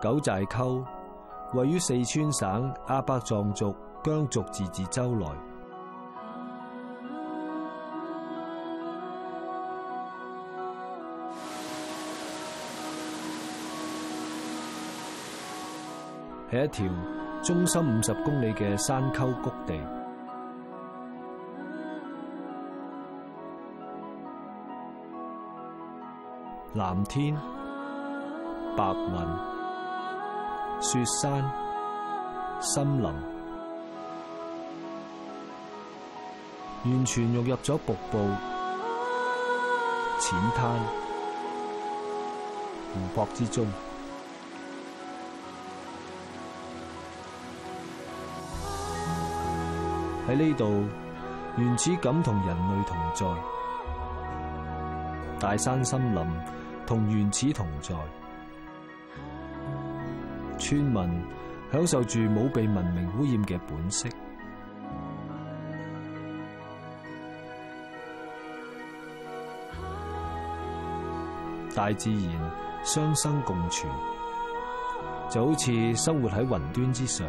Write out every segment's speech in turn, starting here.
九寨溝位於四川省阿壩藏族羌族自治州內，係一條中心五十公里嘅山溝谷地，藍天白雲。雪山、森林，完全融入咗瀑布、淺灘、湖泊之中。喺呢度，原始感同人類同在，大山、森林同原始同在。村民享受住冇被文明污染嘅本色，大自然相生共存，就好似生活喺雲端之上。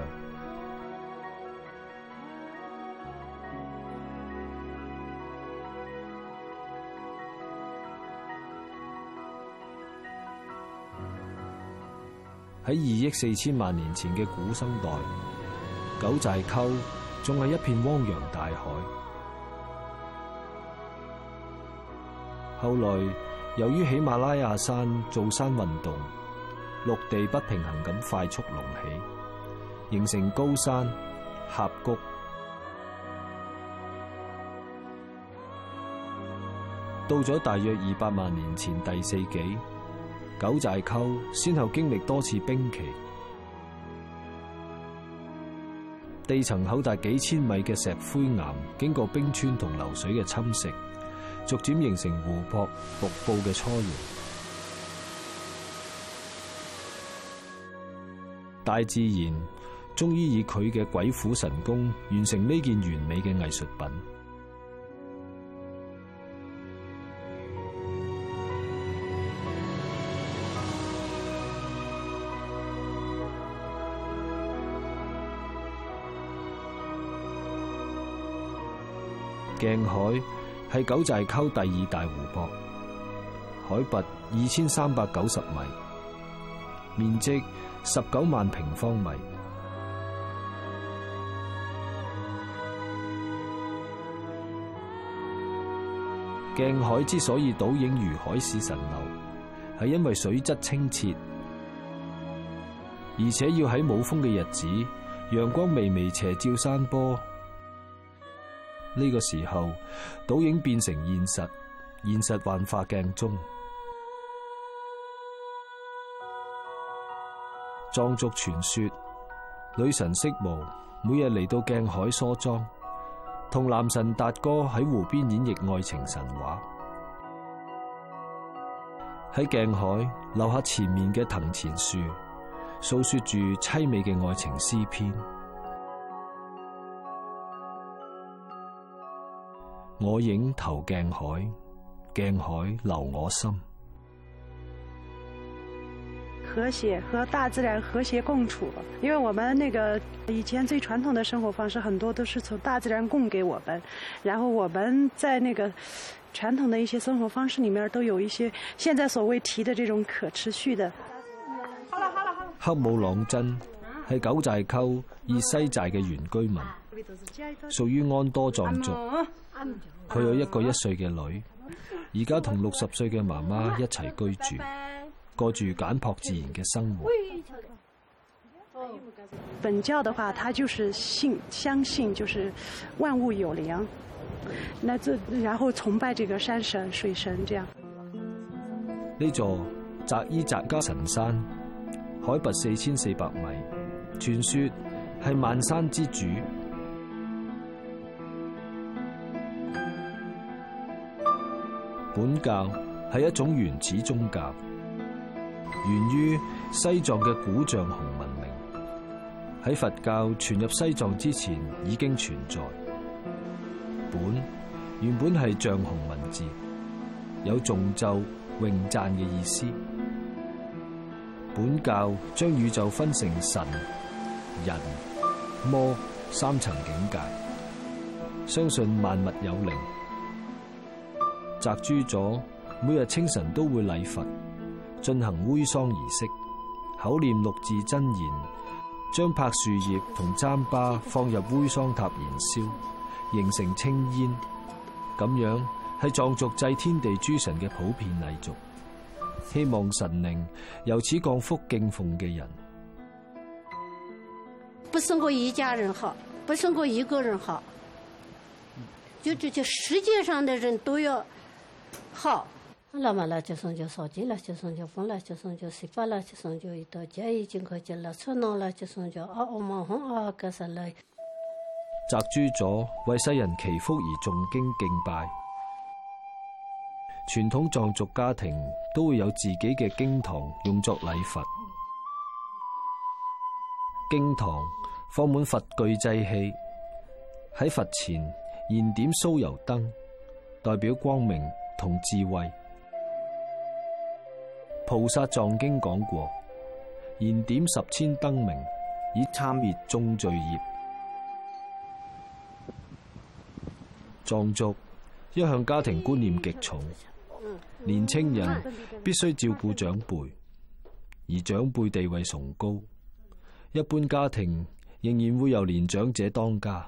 喺二億四千萬年前嘅古生代，九寨溝仲係一片汪洋大海。後來由於喜馬拉雅山造山運動，陸地不平衡咁快速隆起，形成高山峽谷。到咗大約二百萬年前第四紀。九寨溝先後經歷多次冰期，地層厚達幾千米嘅石灰岩，經過冰川同流水嘅侵蝕，逐漸形成湖泊瀑布嘅初形。大自然終於以佢嘅鬼斧神工，完成呢件完美嘅藝術品。鏡海係九寨溝第二大湖泊，海拔二千三百九十米，面積十九萬平方米。鏡海之所以倒影如海市蜃樓，係因為水質清澈，而且要喺冇風嘅日子，陽光微微斜照山坡。呢個時候，倒影變成現實，現實幻化鏡中。藏族傳說，女神色姆每日嚟到鏡海梳妝，同男神達哥喺湖邊演繹愛情神話。喺鏡海留下前面嘅藤纏樹，訴說住淒美嘅愛情詩篇。我影投鏡海，鏡海留我心。和諧和大自然和諧共處，因為我們那個以前最傳統的生活方式，很多都是從大自然供給我們，然後我們在那個傳統的一些生活方式裏面都有一些現在所謂提的這種可持續的。黑姆朗珍係九寨溝以西寨嘅原居民。屬於安多藏族，佢有一個一歲嘅女，而家同六十歲嘅媽媽一齊居住，過住簡樸自然嘅生活。本教的話，他就是信相信，就是萬物有靈，那然後崇拜這個山神、水神這樣。呢座扎伊扎加神山海拔四千四百米，傳說係萬山之主。本教係一種原始宗教，源於西藏嘅古象雄文明，喺佛教傳入西藏之前已經存在。本原本係象雄文字，有頌咒詠贊嘅意思。本教將宇宙分成神、人、魔三層境界，相信萬物有靈。摘珠咗，每日清晨都會禮佛，進行煨桑儀式，口念六字真言，將柏樹葉同糌粑放入煨桑塔燃燒，形成青煙。咁樣係藏族祭天地諸神嘅普遍禮俗，希望神靈由此降福敬奉嘅人。不是我一家人好，不是我一個人好，就這些世界上嘅人都要。好，阿拉咪就算就燒錢啦，就算就放啦，就算就食飯啦，就算就一到節日進口節啦，出納啦，就算就啊，我忙紅啊，確實嚟。擲珠座為世人祈福而誦經敬拜，傳統藏族家庭都會有自己嘅經堂用作禮佛。經堂放滿佛具祭器，喺佛前燃點酥油燈，代表光明。同智慧，菩薩藏經講過，燃點十千燈明，以參滅眾罪業。藏族一向家庭觀念極重，年青人必須照顧長輩，而長輩地位崇高，一般家庭仍然會由年長者當家。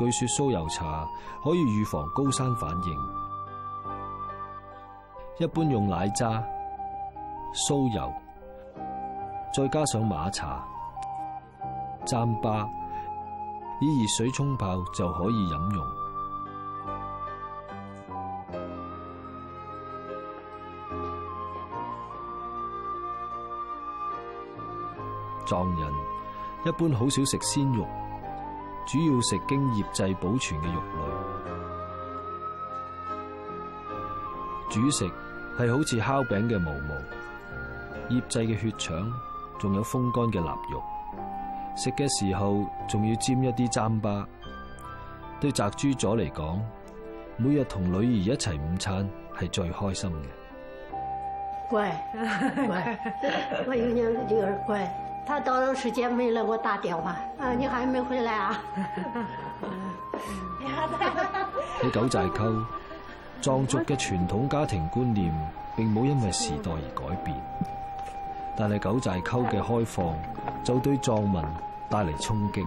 據說酥油茶可以預防高山反應，一般用奶渣、酥油，再加上馬茶、糌粑，以熱水沖泡就可以飲用。藏人一般好少食鮮肉。主要食經醃製保存嘅肉類，主食係好似烤餅嘅毛毛，醃製嘅血腸，仲有風乾嘅臘肉。食嘅時候仲要沾一啲蘸巴。對澤豬咗嚟講，每日同女兒一齊午餐係最開心嘅。乖，乖，我有兩個女兒乖。他到了時間沒來，我打電話。啊，你還沒回來啊？喺 九寨溝，藏族嘅傳統家庭觀念並冇因為時代而改變，但係九寨溝嘅開放就對藏民帶嚟衝擊。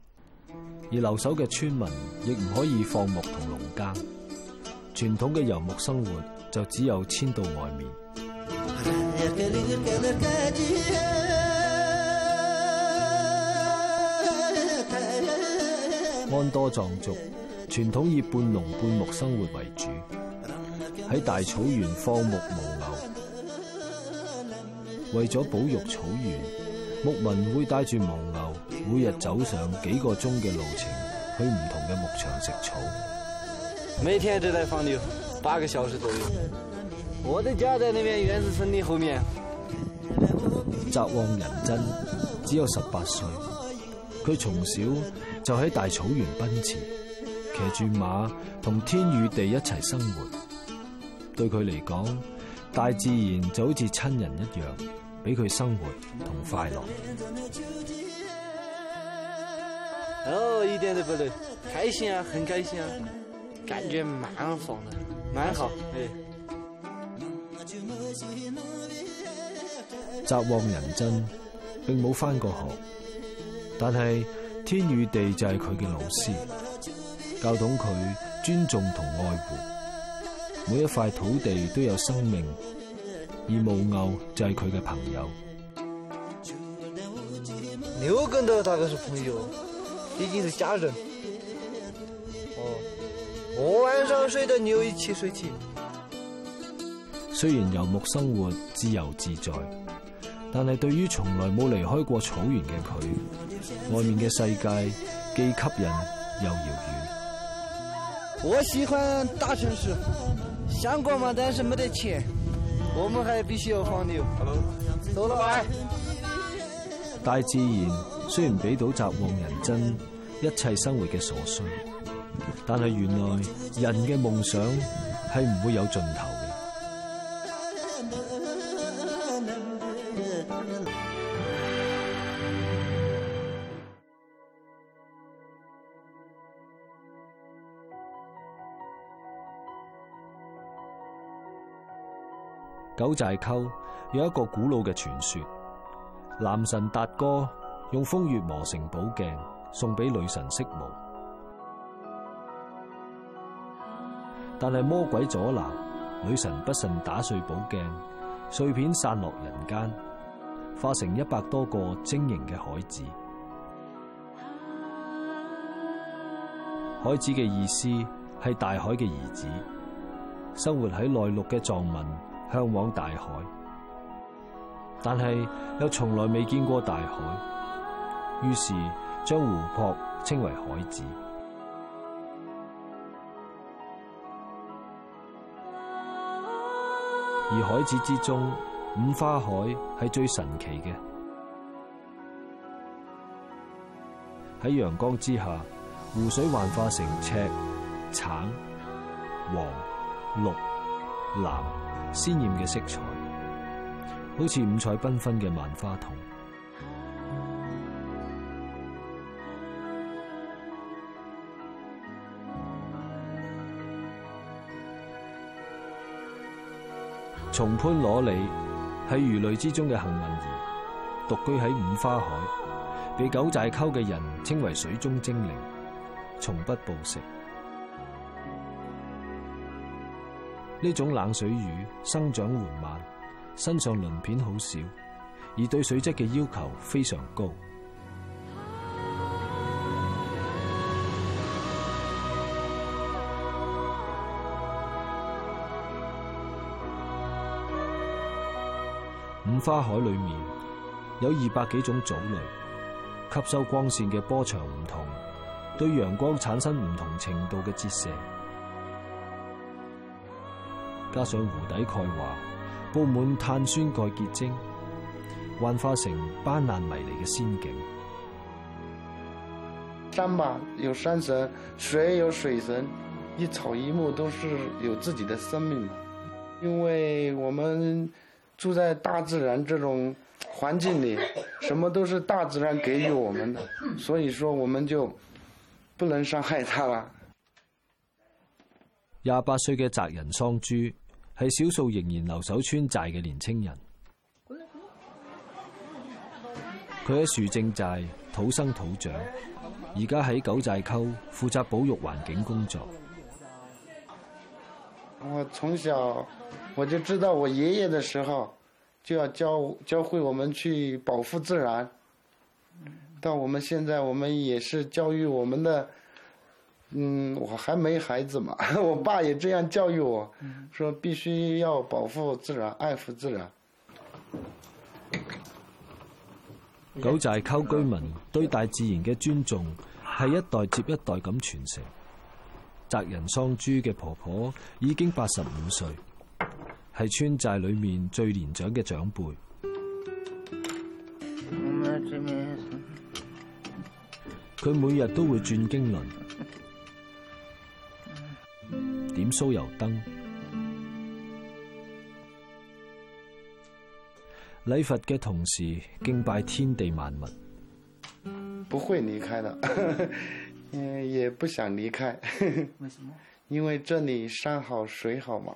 而留守嘅村民亦唔可以放牧同農耕，傳統嘅遊牧生活就只有遷到外面。安多藏族傳統以半農半牧生活為主，喺大草原放牧犛牛，為咗保育草原，牧民會帶住犛牛。每日走上幾個鐘嘅路程，去唔同嘅牧場食草。每天都在放牛，八個小時左右。我的家在那邊原始森林後面。澤旺仁真只有十八歲，佢從小就喺大草原奔馳，騎住馬同天與地一齊生活。對佢嚟講，大自然就好似親人一樣，俾佢生活同快樂。哦，一點都不累，開心啊，很開心啊，感覺蠻好的，謝謝蠻好。哎，澤旺仁真並冇返過學，但係天與地就係佢嘅老師，教懂佢尊重同愛護，每一塊土地都有生命，而牦牛就係佢嘅朋友。你跟到大家做朋友？畢竟是家人，哦，我晚上睡得牛一起睡起。雖然游牧生活自由自在，但係對於從來冇離開過草原嘅佢，外面嘅世界既吸引又遙遠。我喜歡大城市，想過嘛，但是冇得錢，我們還必須要放牛。走了，拜拜，大自然。雖然俾到集旺人憎，一切生活嘅所需，但係原來人嘅夢想係唔會有盡頭。九寨溝有一個古老嘅傳說，男神達哥。用風月磨成寶鏡送俾女神飾帽，但係魔鬼阻攔，女神不慎打碎寶鏡，碎片散落人間，化成一百多個晶瑩嘅海子。海子嘅意思係大海嘅兒子，生活喺內陸嘅藏民向往大海，但係又從來未見過大海。於是將湖泊稱為海子，而海子之中五花海係最神奇嘅。喺陽光之下，湖水幻化成赤、橙、黃、黃、綠、藍鮮艷嘅色彩，好似五彩繽紛嘅萬花筒。松潘裸鯉係魚類之中嘅幸運兒，獨居喺五花海，被九寨溝嘅人稱為水中精靈，從不捕食。呢種冷水魚生長緩慢，身上鱗片好少，而對水質嘅要求非常高。花海裏面有二百幾種藻類，吸收光線嘅波長唔同，對陽光產生唔同程度嘅折射。加上湖底鈣華布滿碳酸鈣結晶，幻化成斑斕迷離嘅仙境。山嘛有山神，水有水神，一草一木都是有自己的生命，因為我們，住在大自然這種環境裏，什麼都是大自然給予我們的，所以說我們就不能傷害它了。廿八歲嘅澤仁桑珠係少數仍然留守村寨嘅年青人，佢喺樹正寨土生土長，而家喺九寨溝負責保育環境工作。我從小。我就知道，我爺爺的時候就要教教會我們去保護自然。但我們現在，我們也是教育我們的。嗯，我還沒孩子嘛，我爸也這樣教育我，說必須要保護自然，愛護自然。九寨溝居民對大自然嘅尊重係一代接一代咁傳承。擇人桑珠嘅婆婆已經八十五歲。係村寨裏面最年長嘅長輩，佢每日都會轉經輪、點酥油燈、禮佛嘅同時敬拜天地萬物，不會離開啦，也不想離開，因為這裏山好水好嘛。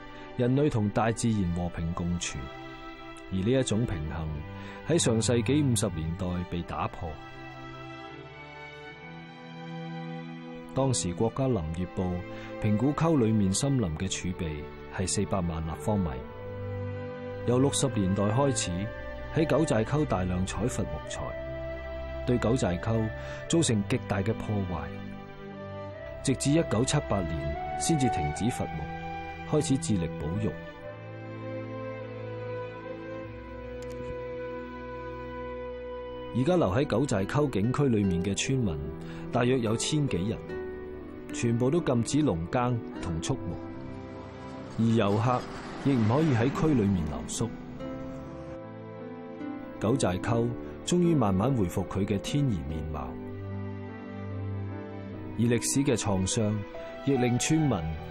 人類同大自然和平共處，而呢一種平衡喺上世紀五十年代被打破。當時國家林業部評估溝裏面森林嘅儲備係四百萬立方米，由六十年代開始喺九寨溝大量採伐木材，對九寨溝造成極大嘅破壞，直至一九七八年先至停止伐木。開始致力保育。而家留喺九寨溝景區裏面嘅村民大約有千幾人，全部都禁止農耕同畜牧，而遊客亦唔可以喺區裏面留宿。九寨溝終於慢慢回復佢嘅天然面貌，而歷史嘅創傷亦令村民。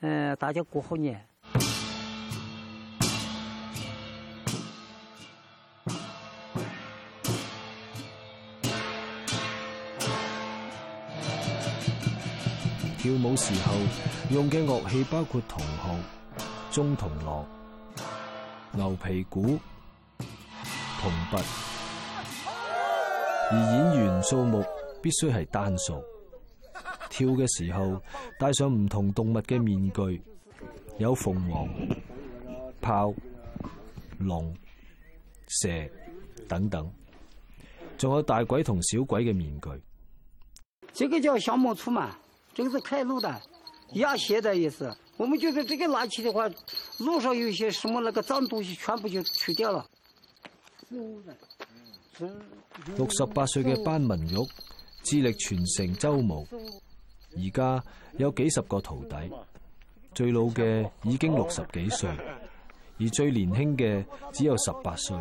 嗯，大家過好年。跳舞時候用嘅樂器包括銅號、中銅鑼、牛皮鼓、銅鈸，而演員數目必須係單數。跳嘅時候戴上唔同動物嘅面具，有鳳凰、豹、龍、蛇等等，仲有大鬼同小鬼嘅面具。這個叫降魔出嘛，這個是開路的，壓邪的意思。我們覺得這個拿起的話，路上有些什麼那個髒東西，全部就除掉了。六十八歲嘅班文玉致力傳承㑇舞。而家有幾十個徒弟，最老嘅已經六十幾歲，而最年輕嘅只有十八歲。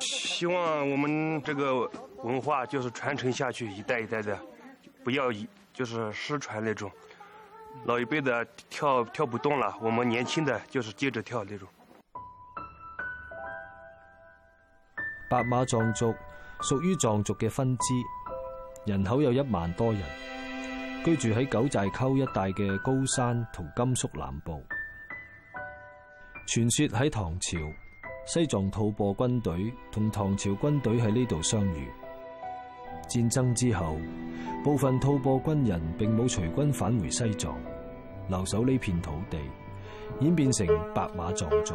希望我們這個文化就是傳承下去，一代一代的，不要就是失傳那種。老一輩的跳跳不動了，我們年輕的就是接着跳那種。白馬藏族屬於藏族嘅分支，人口有一萬多人。居住喺九寨溝一帶嘅高山同甘肅南部，傳說喺唐朝，西藏吐蕃軍隊同唐朝軍隊喺呢度相遇。戰爭之後，部分吐蕃軍人並冇隨軍返回西藏，留守呢片土地，演變成白馬藏族。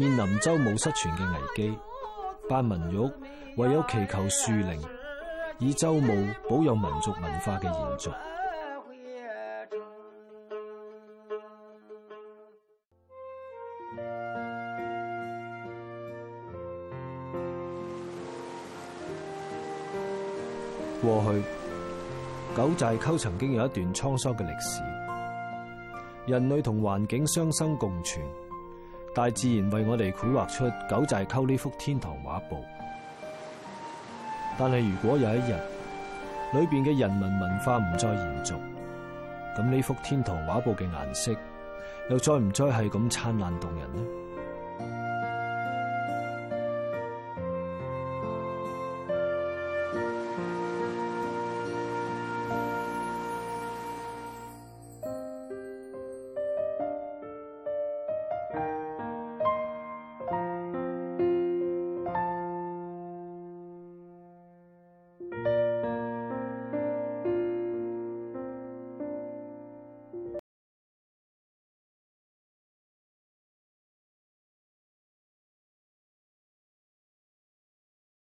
面臨㑇舞失傳嘅危機，班文玉唯有祈求樹靈，以㑇舞保佑民族文化嘅延續。過去九寨溝曾經有一段滄桑嘅歷史，人類同環境相生共存。大自然為我哋繪畫出九寨溝呢幅天堂畫布，但係如果有一日裏邊嘅人民文化唔再延續，咁呢幅天堂畫布嘅顏色又再唔再係咁燦爛動人呢？